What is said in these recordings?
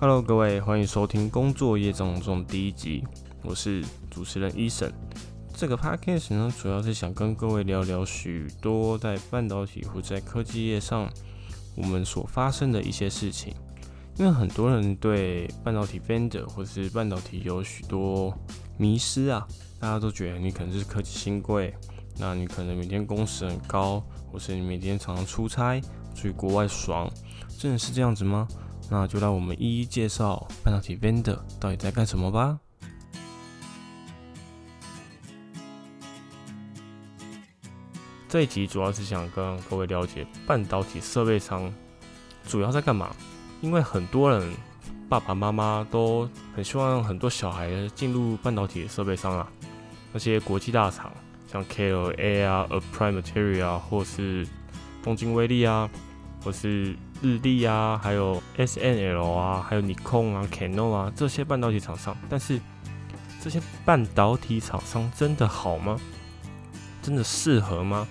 Hello，各位，歡迎收聽工作業種種第一集。我是主持人 Eason。這個 Podcast 呢，主要是想跟各位聊聊許多在半導體或在科技業上我們所發生的一些事情。因為很多人對半導體 Vendor 或者是半導體有許多迷思啊，大家都覺得你可能是科技新貴，那你可能每天工時很高，或是你每天常常出差去國外爽，真的是這樣子嗎？那就讓我們一一介紹半導體 vendor 到底在幹什麼吧。這一集主要是想跟各位了解半導體設備商主要在幹嘛，因為很多人爸爸媽媽都很希望很多小孩進入半導體的設備商啊，那些國際大廠像 KLA 啊、Applied Materials 啊，或是東京威力啊，或是。日立啊，還有 ASML 啊，還有 Nikon 啊、Canon 啊，這些半導體廠商。但是這些半導體廠商真的好嗎？真的適合嗎？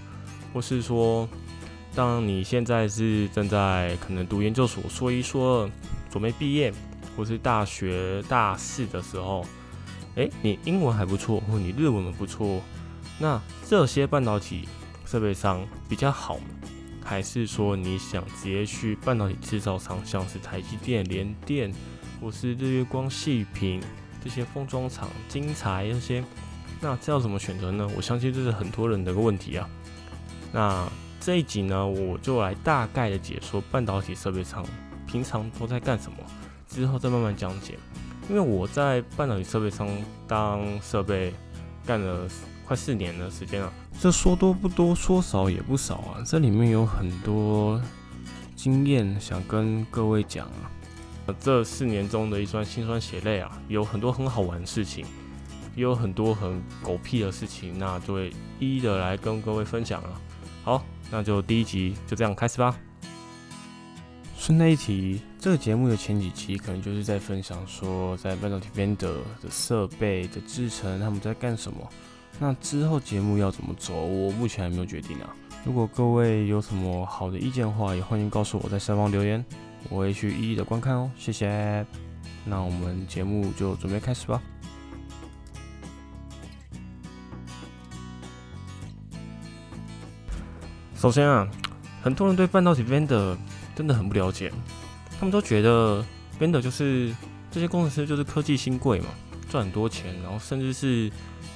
或是說，當你現在是正在可能讀研究所、碩一碩二，準備畢業，或是大學大四的時候，哎、欸，你英文還不錯，或你日文不錯，那這些半導體設備商比較好嗎？還是說你想直接去半導體製造廠，像是台積電、聯電，或是日月光矽、矽品這些封裝廠、晶材這些，那這要怎麼選擇呢？我相信這是很多人的一個問題啊。那這一集呢，我就來大概的解說半導體設備廠平常都在幹什麼，之後再慢慢講解。因為我在半導體設備廠當設備，幹了。快四年的時間了，這說多不多，說少也不少啊。這裡面有很多經驗想跟各位講啊。這四年中的一雙辛酸血淚啊，有很多很好玩的事情，也有很多很狗屁的事情。那就會一一的來跟各位分享了啊。好，那就第一集就這樣開始吧。順帶一提，這個節目的前幾期可能就是在分享說，在半導體 Vendor 的設備的製程，他們在幹什麼。那之後節目要怎麼走，我目前還沒有決定啊。如果各位有什麼好的意見的話，也歡迎告訴我，在下方留言，我會去一一的觀看哦。謝謝。那我們節目就準備開始吧。首先啊，很多人對半導體 Vendor 真的很不了解，他們都覺得 Vendor 就是這些工程師就是科技新貴嘛。賺很多錢，然後甚至是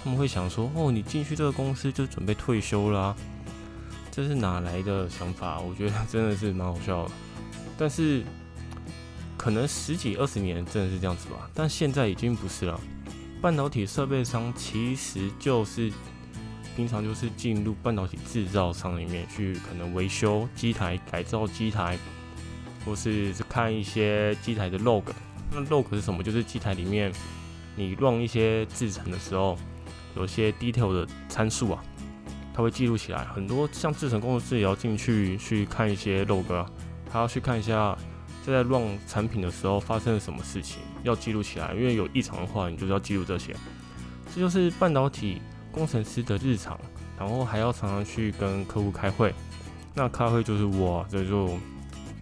他們會想說：“哦，你進去這個公司就準備退休啦啊？”這是哪來的想法？我覺得真的是蠻好笑的。但是可能十幾二十年真的是這樣子吧，但現在已經不是了。半導體設備商其實就是平常就是進入半導體製造廠裡面去，可能維修機台、改造機台，或是看一些機台的 log。那 log 是什麼？就是機台裡面。你 run 一些製程的時候，有一些 detail 的參數啊，它會記錄起來。很多像製程工程師也要進去去看一些 log 啊，還要去看一下在在 run 產品的時候發生了什麼事情，要記錄起來。因為有異常的話，你就是要記錄這些。這就是半導體工程師的日常，然後還要常常去跟客戶開會。那開會就是哇，這就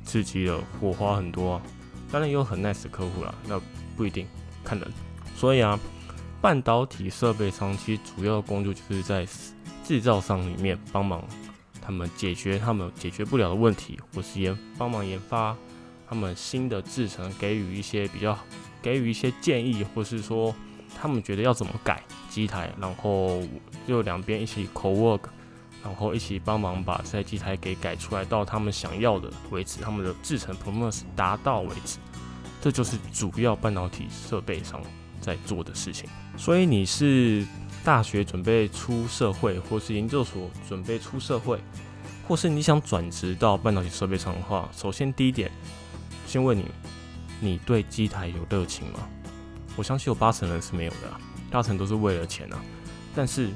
刺激了火花很多啊。當然也有很 nice 的客戶啦，那不一定，看人。所以啊，半導體設備商其實主要的工作就是在製造商裡面幫忙，他們解決他們解決不了的問題，或是研幫忙研發他們新的製程，給予一些比較給予一些建議，或是說他們覺得要怎麼改機台，然後就兩邊一起 co work，然後一起幫忙把這台機台給改出來到他們想要的為止，他們的製程 performance 達到為止，這就是主要半導體設備商在做的事情，所以你是大學準備出社會，或是研究所準備出社會，或是你想轉職到半導體設備商的話，首先第一點，先問你，你對機台有熱情嗎？我相信有八成人是沒有的，八成都是為了錢啊。但是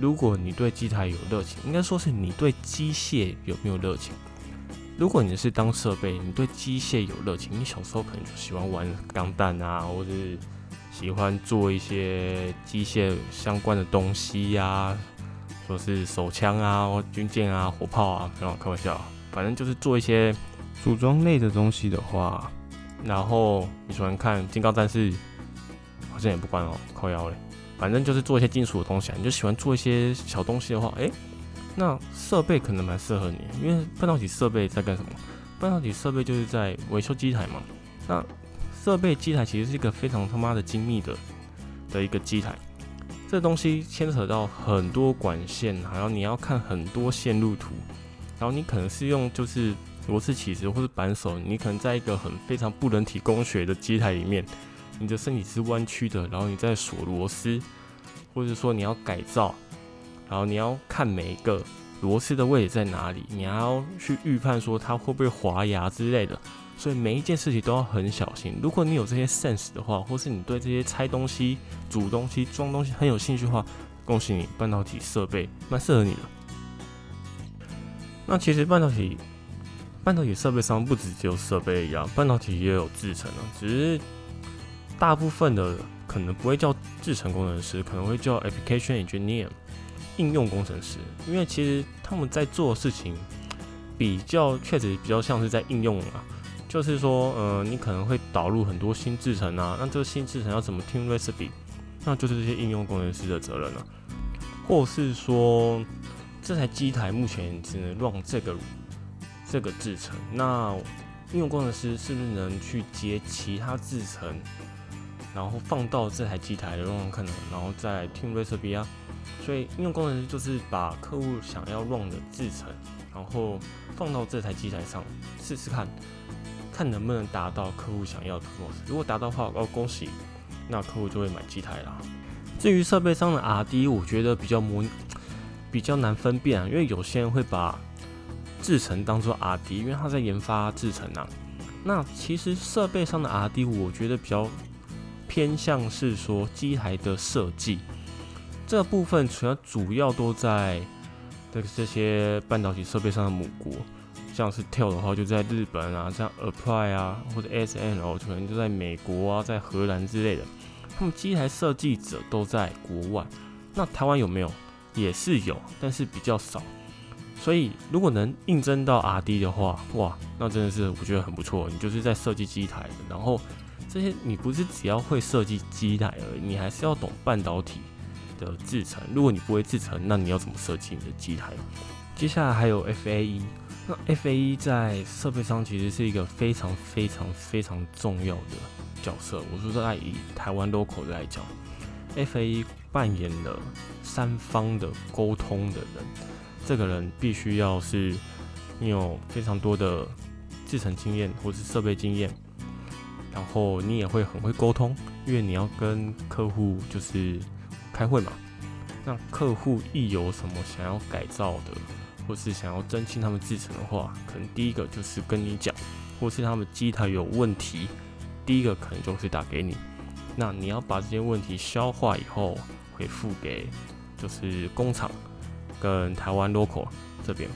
如果你對機台有熱情，應該說是你對機械有沒有熱情？如果你是當設備，你對機械有熱情，你小時候可能就喜歡玩鋼彈啊，或是。喜歡做一些機械相關的東西呀、啊，說、就是手槍啊、或軍艦啊、火炮啊，讓我開玩笑，反正就是做一些組裝類的東西的話，然後你喜歡看《金剛戰士》啊，好像也不關哦，靠腰嘞，反正就是做一些金屬的東西，啊，你就喜歡做一些小東西的話，哎、欸，那設備可能蠻適合你，因為半導體設備在幹什麼？半導體設備就是在維修機台嘛，那。設備機台其實是一個非常他媽的精密的的一個機台。這東西牽扯到很多管線，然後你要看很多線路圖，然後你可能是用就是螺絲起子或是扳手，你可能在一個很非常不人體工學的機台裡面，你的身體是彎曲的，然後你在鎖螺絲，或者說你要改造，然後你要看每一個螺絲的位置在哪裡，你還要去預判說它會不會滑牙之類的。所以每一件事情都要很小心。如果你有這些 sense 的話，或是你對這些拆東西、煮東西、裝東西很有興趣的話，恭喜你，半導體設備蠻適合你的啊。那其實半導體半導體設備商不止只有設備一樣，半導體也有制程啊。只是大部分的可能不會叫制程工程師，可能會叫 application engineer 應用工程師，因為其實他們在做的事情比較確實比較像是在應用啊。就是說，呃、嗯，你可能會導入很多新製程啊，那這個新製程要怎麼聽 recipe，那就是這些應用工程師的責任了、啊。或者是說，這台機台目前只能 run 這個這個製程，那應用工程師是不是能去接其他製程，然後放到這台機台的 run 看呢？然後再聽 recipe 啊？所以應用工程師就是把客戶想要 run 的製程，然後放到這台機台上試試看。看能不能達到客戶想要的模式，如果達到的話，哦恭喜，那客戶就會買機台了。至於設備上的 RD，我覺得比較模，比較難分辨啊，因為有些人會把制程當做 RD，因為他在研发制程啊。那其實設備上的 RD，我覺得比較偏向是說機台的設計這個部分，主要主要都在這這些半導體設備上的母國。像是 TEL 的話，就在日本啊，像 Applied 啊，或者 ASML，可能就在美國啊，在荷蘭之類的，他們機台設計者都在國外。那台灣有沒有？也是有，但是比較少。所以如果能應徵到 RD 的話，哇，那真的是我覺得很不錯。你就是在設計機台的，然後這些你不是只要會設計機台而已，你還是要懂半導體的製程。如果你不會製程，那你要怎麼設計你的機台？接下來還有 FAE。那 FAE 在設備商其實是一個非常非常非常重要的角色。我說在以台灣 local 來講，FAE 扮演了三方的溝通的人。這個人必須要是你有非常多的製程經驗或是設備經驗，然後你也會很會溝通，因為你要跟客戶就是開會嘛。那客戶一有什麼想要改造的。或是想要增進他們製程的話，可能第一個就是跟你講，或是他們機台有問題，第一個可能就是打給你。那你要把這些問題消化以後回復給就是工廠跟台灣 local 這邊。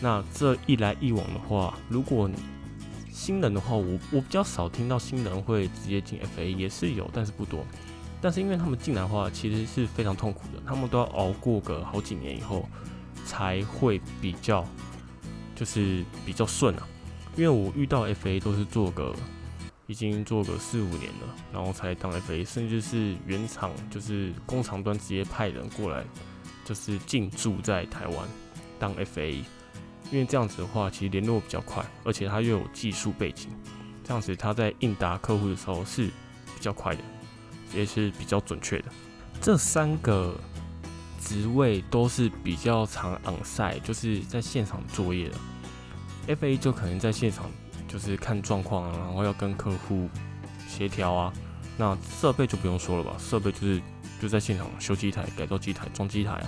那這一來一往的話，如果新人的話，我我比較少聽到新人會直接進 FA，也是有，但是不多。但是因為他們進來的話，其實是非常痛苦的，他們都要熬過個好幾年以後。才會比較，就是比較順啊。因為我遇到 FA 都是做個，已經做個四五年了，然後才當 FA，甚至是原廠就是工廠端直接派人過來，就是進駐在台灣當 FA。因為這樣子的話，其實聯絡比較快，而且他又有技術背景，這樣子他在應答客戶的時候是比較快的，也是比較準確的。這三個。職位都是比較常 onsite，就是在現場作業的。FA 就可能在現場，就是看狀況啊，然後要跟客戶協調啊。那設備就不用說了吧，設備就是就在現場修機台、改造機台、裝機台。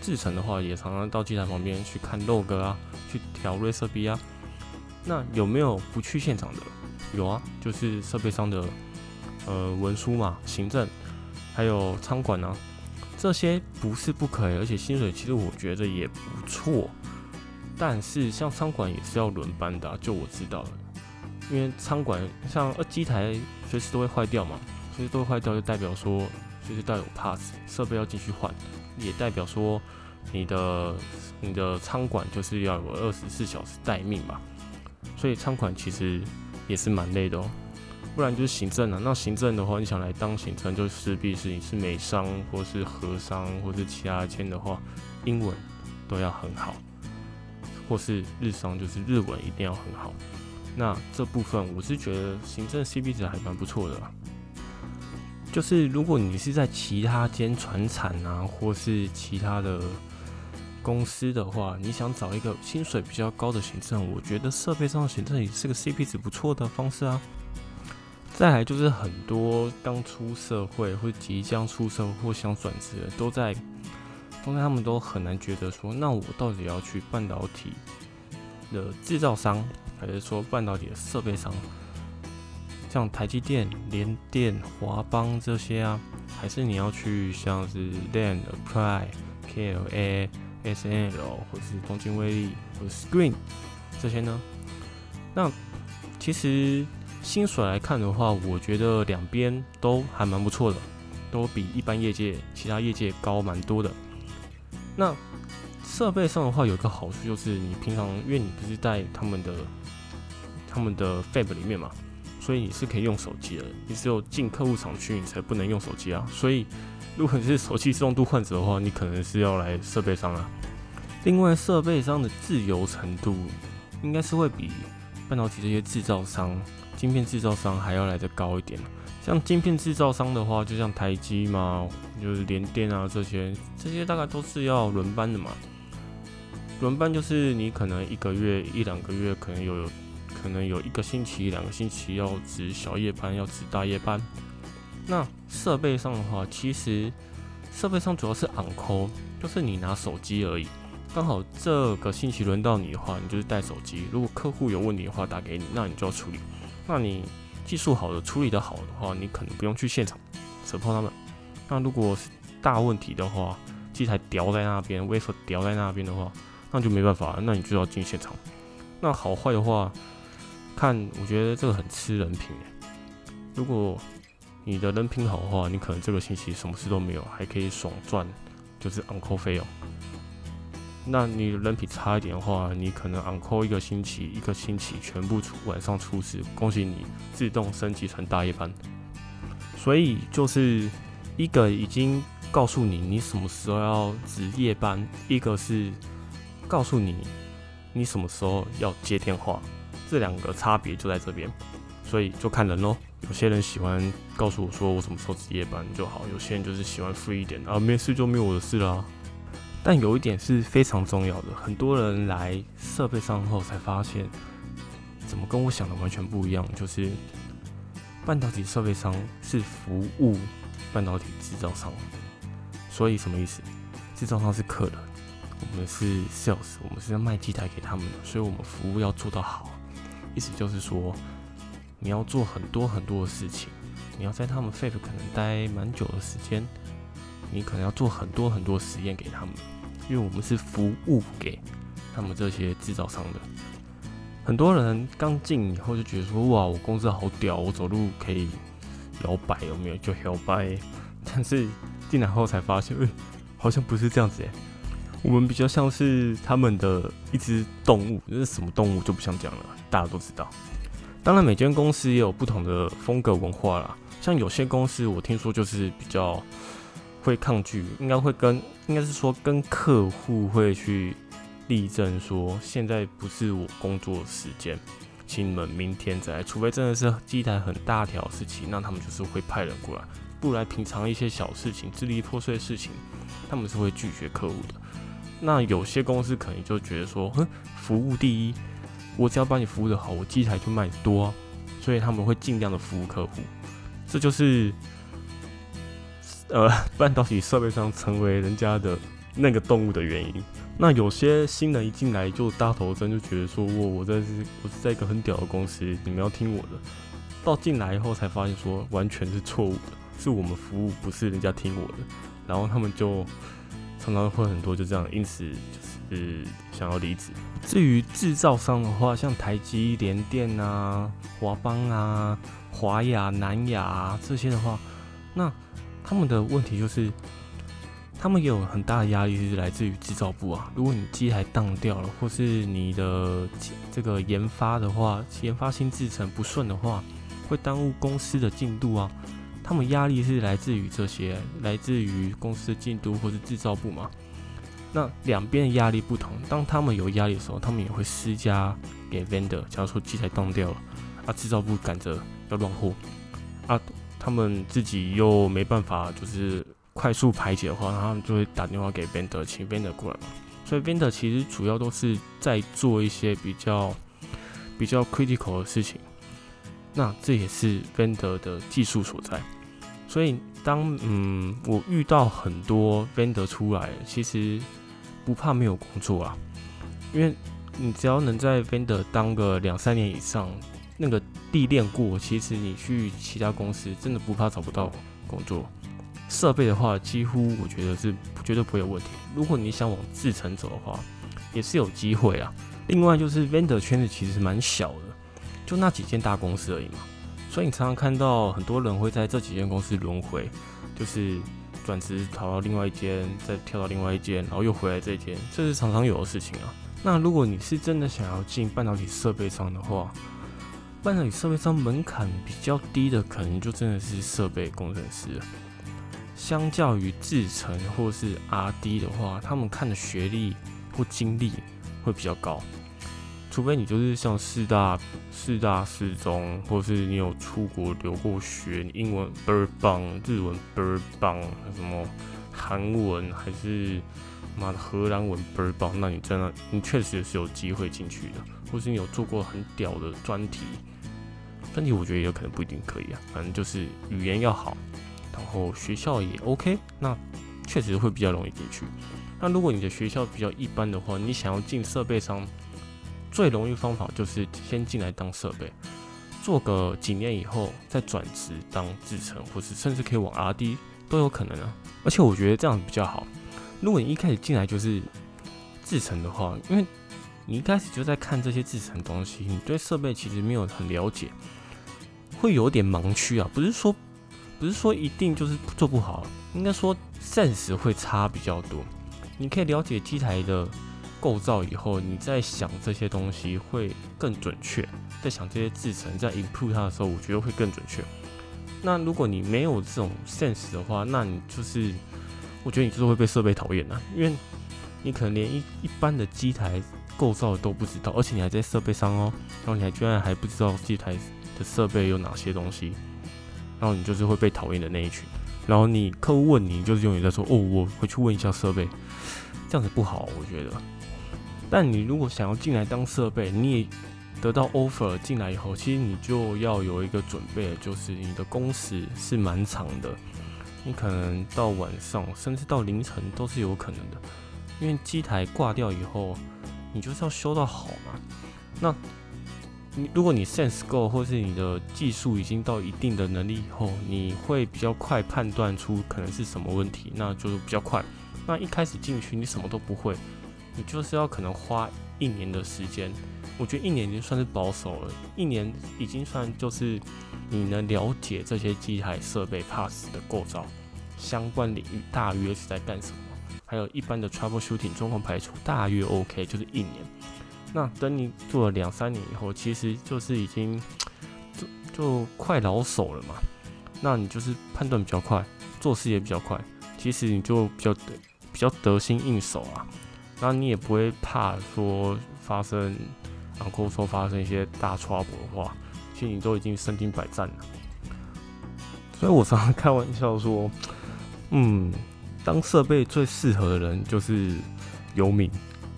製程的話，也常常到機台旁邊去看 log 啊，去調 recipe 啊。那有沒有不去現場的？有啊，就是設備商的呃文書嘛、行政，還有倉管呢、啊。這些不是不可以，而且薪水其實我覺得也不錯。但是像餐館也是要輪班的、啊，就我知道了，因為餐館像、啊、機台隨時都會壞掉嘛，隨時都會壞掉就代表說隨時要有 pass 設備要進去換，也代表說你的你的餐館就是要有二十四小時待命嘛。所以餐館其實也是蠻累的、喔。哦。不然就是行政了、啊。那行政的話，你想來當行政，就勢必是你是美商或是荷商或是其他間的話，英文都要很好，或是日商就是日文一定要很好。那這部分我是覺得行政 CP 值還蠻不錯的、啊。就是如果你是在其他間傳產啊或是其他的公司的話，你想找一個薪水比較高的行政，我覺得設備商行政也是個 CP 值不錯的方式啊。再來就是很多剛出社會或即將出社會或想轉職的，都在，通常他們都很難覺得說，那我到底要去半導體的製造商，還是說半導體的設備商，像台積電、聯電、華邦這些啊，還是你要去像是 Lam、Applied KLA、ASML 或者是東京威力或者 Screen 這些呢？那其實。薪水來看的話，我覺得兩邊都還蠻不錯的，都比一般業界、其他業界高蠻多的。那設備上的話，有一個好處就是你平常因為你不是在他們的、他們的 fab 裡面嘛，所以你是可以用手機的。你只有進客戶廠區，你才不能用手機啊。所以，如果你是手機重度患者的話，你可能是要來設備商啊。另外，設備商的自由程度應該是會比。半導體這些制造商、晶片制造商還要來得高一點。像晶片制造商的話，就像台積嘛，就是聯電啊這些，這些大概都是要輪班的嘛。輪班就是你可能一個月、一兩個月，可能有，有可能有一個星期、兩個星期要值小夜班，要值大夜班。那設備上的話，其實設備上主要是 on call，就是你拿手機而已。剛好這個星期輪到你的話，你就是帶手機。如果客戶有問題的話，打給你，那你就要處理。那你技術好的，處理得好的話，你可能不用去現場，扯破他們。那如果是大問題的話，機台掉在那邊，wafer 掉在那邊的話，那就沒辦法了，那你就要進現場。那好壞的話，看我覺得這個很吃人品。如果你的人品好的話，你可能這個星期什麼事都沒有，還可以爽賺，就是 on-call 費哦。那你人品差一點的話，你可能 on call 一個星期，一個星期全部出晚上出事，恭喜你自動升級成大夜班。所以就是一個已經告訴你你什麼時候要值夜班，一個是告訴你你什麼時候要接電話，這兩個差別就在這邊。所以就看人咯。有些人喜歡告訴我說我什麼時候值夜班就好，有些人就是喜歡 free 一點啊，沒事就沒有我的事啦。但有一點是非常重要的，很多人來設備商後才發現，怎麼跟我想的完全不一樣？就是半導體設備商是服務半導體製造商，所以什麼意思？製造商是客人，我們是 sales，我們是要賣機台給他們的，所以我們服務要做到好。意思就是說，你要做很多很多的事情，你要在他們 fab 可能待蠻久的時間。你可能要做很多很多實驗給他們，因為我們是服務給他們這些制造商的。很多人剛進以後就覺得說：“哇，我公司好屌，我走路可以搖擺，有沒有？”就搖擺。但是進來後才發現，誒，好像不是這樣子。欸，我們比較像是他們的一隻動物，那什麼動物就不想講了，大家都知道。當然，每間公司也有不同的風格文化啦。像有些公司，我聽說就是比較。會抗拒，應該會跟，應該是說跟客戶會去力爭說，現在不是我工作時間，請你們明天再來，除非真的是機台很大條的事情，那他們就是會派人過來，不然平常一些小事情、支離破碎的事情，他們是會拒絕客戶的。那有些公司可能就覺得說，哼，服務第一，我只要幫你服務得好，我機台就賣多啊，所以他們會儘量的服務客戶，這就是。呃，半導體設備商成為人家的那個動物的原因，那有些新人一進來就大頭針，就覺得說我我在是，我是在一個很屌的公司，你們要聽我的。到進來以後才發現說完全是錯誤的，是我們服務，不是人家聽我的。然後他們就常常會很多就這樣，因此就是想要離職。至於製造商的話，像台積、聯電啊、華邦啊、華亞、南亞啊這些的話，那。他們的問題就是，他們也有很大的壓力，是來自於製造部啊。如果你機台當掉了，或是你的這個研发的話，研发新製程不順的話，會耽誤公司的進度啊。他們壓力是來自於這些，來自於公司的進度或是制造部嘛。那兩邊的壓力不同，當他們有壓力的時候，他們也會施加給 vendor。假如說機台當掉了，啊，制造部趕着要亂貨，啊。他們自己又沒辦法，就是快速排解的話，他們就會打電話給 Vendor，請 Vendor 過來嘛。所以 Vendor 其實主要都是在做一些比較比較 critical 的事情，那這也是 Vendor 的技術所在。所以當嗯我遇到很多 Vendor 出來，其實不怕沒有工作啊，因為你只要能在 Vendor 當個兩三年以上。那個歷練過，其實你去其他公司真的不怕找不到工作。設備的話，幾乎我覺得是絕對不會有問題。如果你想往製程走的話，也是有機會啊。另外就是 vendor 圈子其實蠻小的，就那幾間大公司而已嘛。所以你常常看到很多人會在這幾間公司輪迴，就是轉職逃到另外一間，再跳到另外一間，然後又回來這間，這是常常有的事情啊。那如果你是真的想要進半導體設備商的話，放你設備上門檻比較低的，可能就真的是設備工程師了。相較於制程或是 R&D 的話，他們看的學歷或經歷會比較高。除非你就是像四大、四大、四中，或是你有出國留過學，英文倍兒棒，日文倍兒棒，什麼韓文還是媽的荷蘭文倍兒棒，那你真的你確實也是有機會進去的。或是你有做過很屌的專題。身體我覺得也有可能不一定可以啊，反正就是語言要好，然後學校也 OK，那確實會比較容易進去。那如果你的學校比較一般的話，你想要進設備商，最容易的方法就是先進來當設備，做個幾年以後再轉職當制程，或是甚至可以往 RD 都有可能啊。而且我覺得這樣比較好。如果你一開始進來就是制程的話，因為你一開始就在看這些制程東西，你對設備其實沒有很了解。會有點盲區啊，不是說不是說一定就是做不好，啊，應該說 sense 會差比較多。你可以了解機台的構造以後，你在想這些東西會更準確，在想這些製程在 improve 它的，的時候，我覺得會更準確。那如果你沒有這種 sense 的話，那你就是，我覺得你就是會被設備討厭啊，因為你可能連一一般的機台構造都不知道，而且你還在設備上哦，喔，然後你還居然還不知道機台的設備有哪些東西？然後你就是會被討厭的那一群。然後你客戶問你，就是用你在說哦，我回去問一下設備，這樣子不好，我覺得。但你如果想要進來當設備，你也得到 offer 進來以後，其實你就要有一個準備，就是你的工時是蠻長的，你可能到晚上，甚至到凌晨都是有可能的，因為機台掛掉以後，你就是要修到好嘛。那如果你 sense go，或是你的技術已經到一定的能力以後，你會比較快判斷出可能是什麼問題，那就是比較快。那一開始進去你什麼都不會，你就是要可能花一年的時間。我覺得一年已經算是保守了，一年已經算就是你能了解這些機台設備 pass 的構造，相關領域大約是在幹什麼，還有一般的 trouble shooting 狀況排除大約 OK，就是一年。那等你做了兩三年以後，其實就是已經就就快老手了嘛。那你就是判斷比較快，做事也比較快，其實你就比較比較得心應手啊。那你也不會怕說發生，然後說發生一些大差錯的話，其實你都已經身經百戰了。所以我常常開玩笑說，嗯，當設備最適合的人就是游民，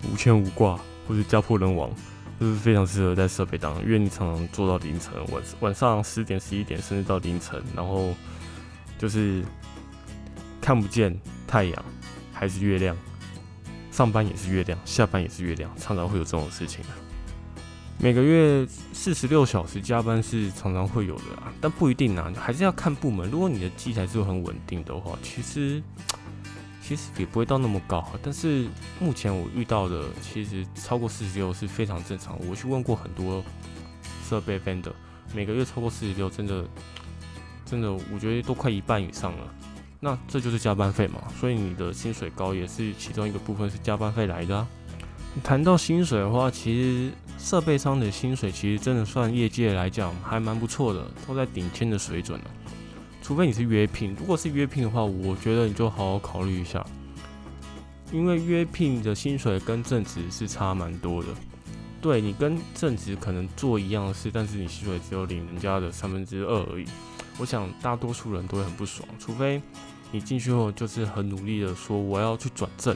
無牽無掛。就是家破人亡，就是非常適合在設備當，因為你常常做到凌晨，晚晚上十點、十一點，甚至到凌晨，然後就是看不見太陽還是月亮，上班也是月亮，下班也是月亮，常常會有這種事情啊。每個月四十六小時加班是常常會有的啊，但不一定呢、啊，還是要看部門。如果你的機台是很穩定的話，其實。其實也不會到那麼高，但是目前我遇到的其實超過四十六是非常正常。我去問過很多設備班的，每個月超過四十六真的真的，真的我覺得都快一半以上了。那這就是加班費嘛？所以你的薪水高也是其中一個部分是加班費來的。啊。你談到薪水的話，其實設備商的薪水其實真的算業界來講還蠻不錯的，都在頂尖的水準了啊。除非你是約聘，如果是約聘的話，我覺得你就好好考慮一下，因為約聘的薪水跟正職是差蠻多的。對，你跟正職可能做一樣的事，但是你薪水只有領人家的三分之二而已。我想大多數人都會很不爽，除非你進去後就是很努力的說我要去轉正，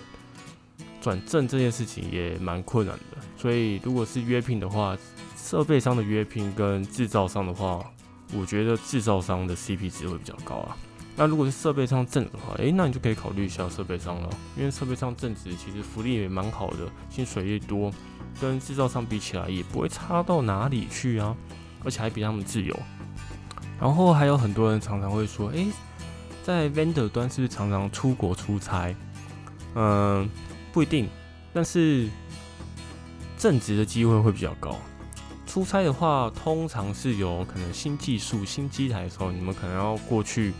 轉正這件事情也蠻困難的。所以如果是約聘的話，設備商的約聘跟製造商的話，我覺得製造商的 CP 值會比較高啊。那如果是設備商正職的話，誒、欸，那你就可以考慮一下設備商了，因為設備商正職其實福利也蠻好的，薪水越多，跟製造商比起來也不會差到哪裡去啊，而且還比他們自由。然後還有很多人常常會說，誒、欸，在 vendor 端是不是常常出國出差？嗯，不一定，但是正職的機會會比較高。出差的話，通常是有可能新技術、新機台的時候，你們可能要過去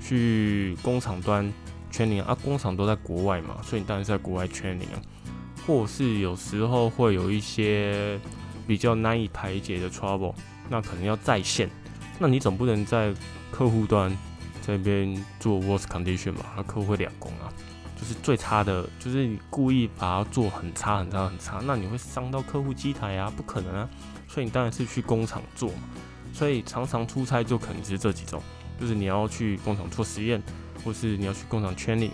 去工廠端 training 啊。工廠都在國外嘛，所以你當然是在國外 training 啊。或是有時候會有一些比較難以排解的 trouble，那可能要在線。那你總不能在客戶端這邊做 worst condition 吧？那客戶會兩工啊，就是最差的，就是你故意把它做很差、很差、很差，那你會傷到客戶機台啊？不可能啊！所以你當然是去工廠做嘛，所以常常出差就可能是這幾種，就是你要去工廠做實驗，或是你要去工廠 training，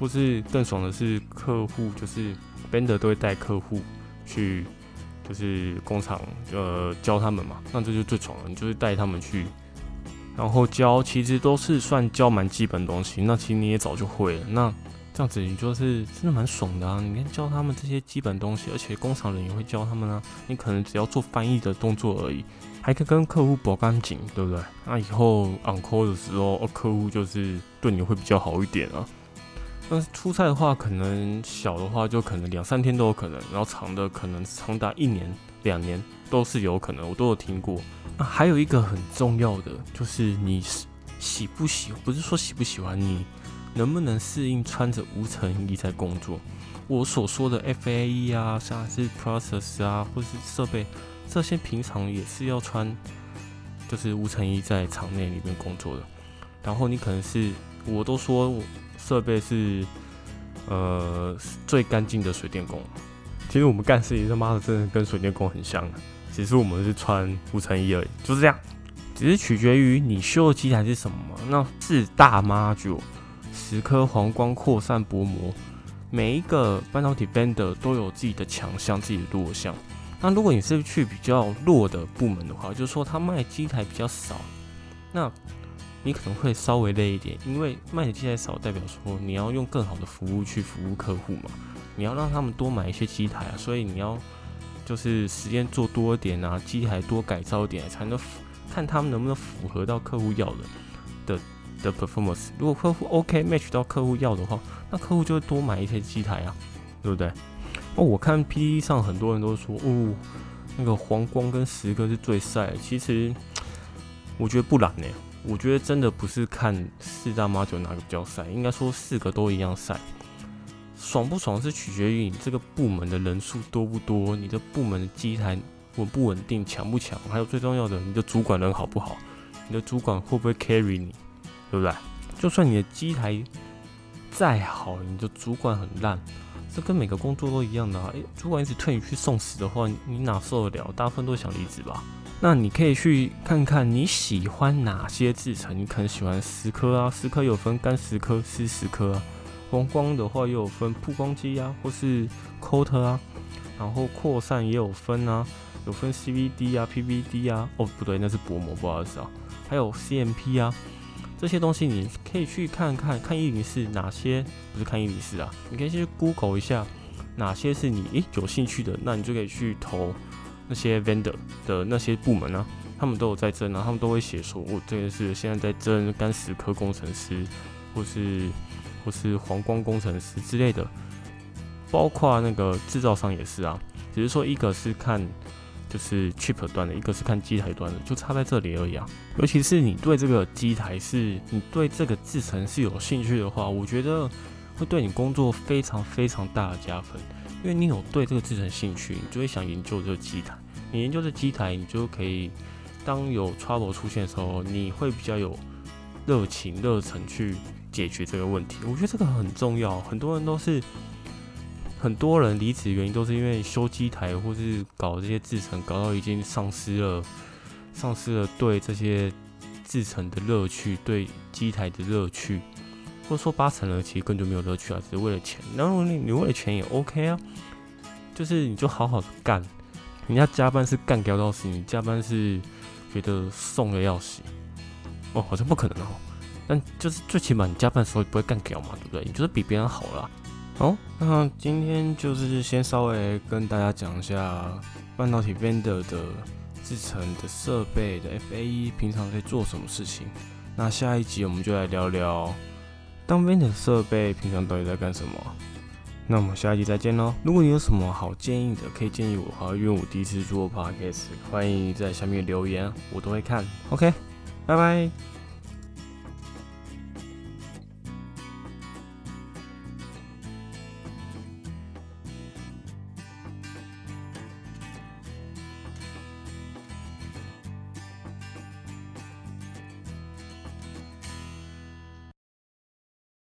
或是更爽的是客戶，就是 Vendor 都會帶客戶去，就是工廠呃教他們嘛，那這就最爽了，你就是帶他們去，然後教其實都是算教蠻基本的東西，那其實你也早就會了那。這樣子你就是真的蠻爽的啊！你看教他們這些基本東西，而且工廠人也會教他們啊。你可能只要做翻譯的動作而已，還可以跟客戶搏感情，對不對？那以後 on call 的時候，哦、客戶就是對你會比較好一點啊。但是出差的話，可能小的話就可能兩三天都有可能，然後長的可能長達一年、兩年都是有可能，我都有聽過。那還有一個很重要的就是你喜不喜，不是說喜不喜歡你。能不能適應穿着無塵衣在工作？我所說的 FAE 啊，像是 process 啊，或是設備，這些平常也是要穿就是無塵衣在廠內裡面工作的。然後你可能是我都說設備是呃最乾淨的水電工，其實我們幹事情他媽的真的跟水電工很像的。其實我們是穿無塵衣而已，就是這樣，只是取決於你修的機台是什麼嗎。那是大媽就。十顆黃光擴散薄膜，每一個半導體 vendor 都有自己的強項，自己的弱項。那如果你是去比較弱的部門的話，就是說他賣機台比較少，那你可能會稍微累一點，因為賣的機台少，代表說你要用更好的服務去服務客戶嘛，你要讓他們多買一些機台啊，所以你要就是時間做多一點啊，機台多改造一點，才能看他們能不能符合到客戶要的的的 performance，如果客戶 OK match 到客戶要的話，那客戶就會多買一些機台啊，對不對？那、哦、我看 PTT 上很多人都說，哦，那個黃光跟蝕刻是最曬。其實我覺得不然呢。我覺得真的不是看四大 module 哪個比較曬，應該說四個都一樣曬。爽不爽是取決於你這個部門的人數多不多，你的部門的機台穩不穩定，強不強，還有最重要的，你的主管人好不好，你的主管會不會 carry 你。對不對？就算你的機台再好，你的主管很爛，這跟每個工作都一樣的啊！哎，主管一直推你去送死的話，你哪受得了？大部分都想離職吧？那你可以去看看你喜歡哪些製程，你可能喜歡蝕刻啊，蝕刻有分乾蝕刻、濕蝕刻啊；黃光的話又有分曝光機啊，或是 Coater 啊，然後擴散也有分啊，有分 CVD 啊、PVD 啊，哦不對，那是薄膜，不好意思啊，還有 CMP 啊。這些東西你可以去看看，看104哪些不是看104啊？你可以先去 Google 一下，哪些是你誒有興趣的，那你就可以去投那些 vendor 的那些部門啊，他們都有在徵啊，他們都會寫說，我這邊是現在在徵乾蝕刻工程師，或是或是黃光工程師之類的，包括那個制造商也是啊，只是說一個是看。就是 chip 端的，一個是看機台端的，就差在這裡而已啊。尤其是你對這個機台是，你對這個制程是有興趣的話，我覺得會對你工作非常非常大的加分。因為你有對這個制程興趣，你就會想研究這個機台。你研究這機台，你就可以當有 trouble 出現的時候，你會比較有熱情熱忱去解決這個問題。我覺得這個很重要，很多人都是。很多人離職原因都是因為修機台或是搞這些製程，搞到已經喪失了喪失了對這些製程的樂趣，對機台的樂趣。或者說八成的其實根本就沒有樂趣啊，只是為了錢。然後你你為了錢也 OK 啊，就是你就好好的幹。人家加班是幹屌到死，你加班是覺得送的要死。哦，好像不可能哦，喔。但就是最起碼你加班的時候也不會幹屌嘛，對不對？你就是比別人好了。好，哦，那今天就是先稍微跟大家講一下半導體 vendor 的製程的設備的 FAE 平常在做什麼事情。那下一集我們就來聊聊當 vendor 的設備平常到底在幹什麼。那我們下一集再見嘍！如果你有什麼好建議的，可以建議我哈，因為我第一次做 podcast，歡迎在下面留言，我都會看。OK，拜拜。